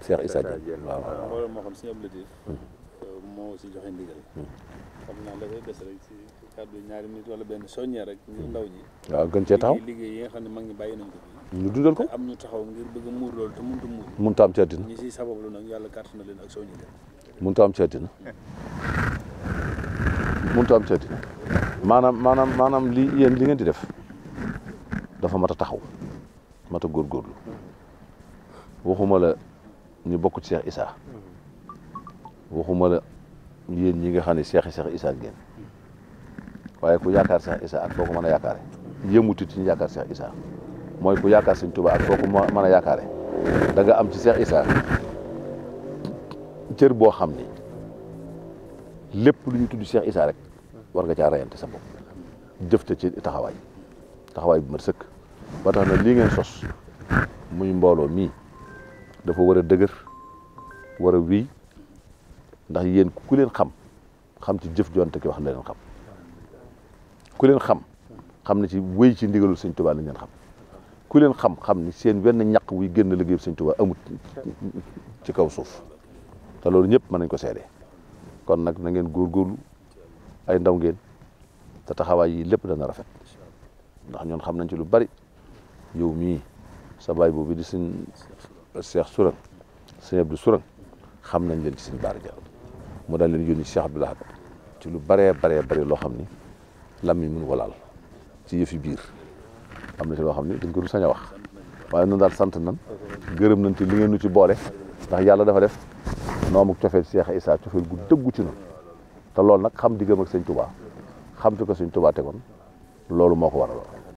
Cheikh Issa Diène waaw waaw loolu moo xam suñu ablatif hmm. euh, moo si joxe ndigal hmm. xam naa dafay des rek si kàddu ñaari minute wala benn soññee rek ngir hmm. ñi gën cee taxaw liggéey yi nga xam ne mag ñi bàyyi nañ ko fi ñu ko am ñu taxaw ngir bëgg a muur loolu te mënut a muur mënut a am ci àddina ñi si nag yàlla kàttan na leen ak soññi leen mënut a am ci àddina mënut a maanaam maanaam maanaam li yéen li ngeen di def dafa mat a taxaw mat a góorgóorlu waxuma la ñu bokk ci Cheikh Issa waxuma la yéen ñi nga xam ne Cheikh Cheikh Issa ngeen waaye ku yaakaar Cheikh Issa ak foo ko mën a yaakaare yëmuti ci ñu yaakaar Cheikh Issa mooy ku yaakaar Sëñ Tuubaa ak foo ko a yaakaare da nga am ci Cheikh isaa cër boo xam ni lépp lu ñu tudd Cheikh Issa rek war nga caa rayante sa bopp jëfte ci taxawaay taxawaay bu mat sëkk ba tax na lii ngeen sos muy mbooloo mii dafa war a dëgër war a wii ndax yéen ku leen xam xam ci jëf jonte ki wax la xam ku xam xam ne ci wéy ci ndigalul sëñ Tuubaa la ngeen xam ku leen xam xam ni seen wenn ñaq wuy génn liggéey sëñ Tuubaa amut ci kaw suuf te loolu ñëpp mën nañ ko seede kon nag na ngeen góorgóorlu ay ndaw ngeen te taxawaay yii lépp dana rafet ndax ñun xam nañ ci lu bari yow mii sa baay boobu di sëñ Cheikh Sourang sëñ Abdou Sourang xam nañ leen ci sëñ Bara Diallo moo daal leen yónni Cheikh Abdou Lahad ci lu baree baree bare loo xam ni lammiñ mun walaal ci yëfi biir am na ci loo xam ni dañ ko dul sañ a wax waaye noonu daal sant nan gërëm nañ ci li ngeen nu ci boole ndax yàlla dafa def noomu cofeel Cheikh Issa cofeel gu dëggu ci noonu te loolu nag xam diggam ak sëñ Touba xam te ko sëñ Touba tegoon loolu moo ko waraloon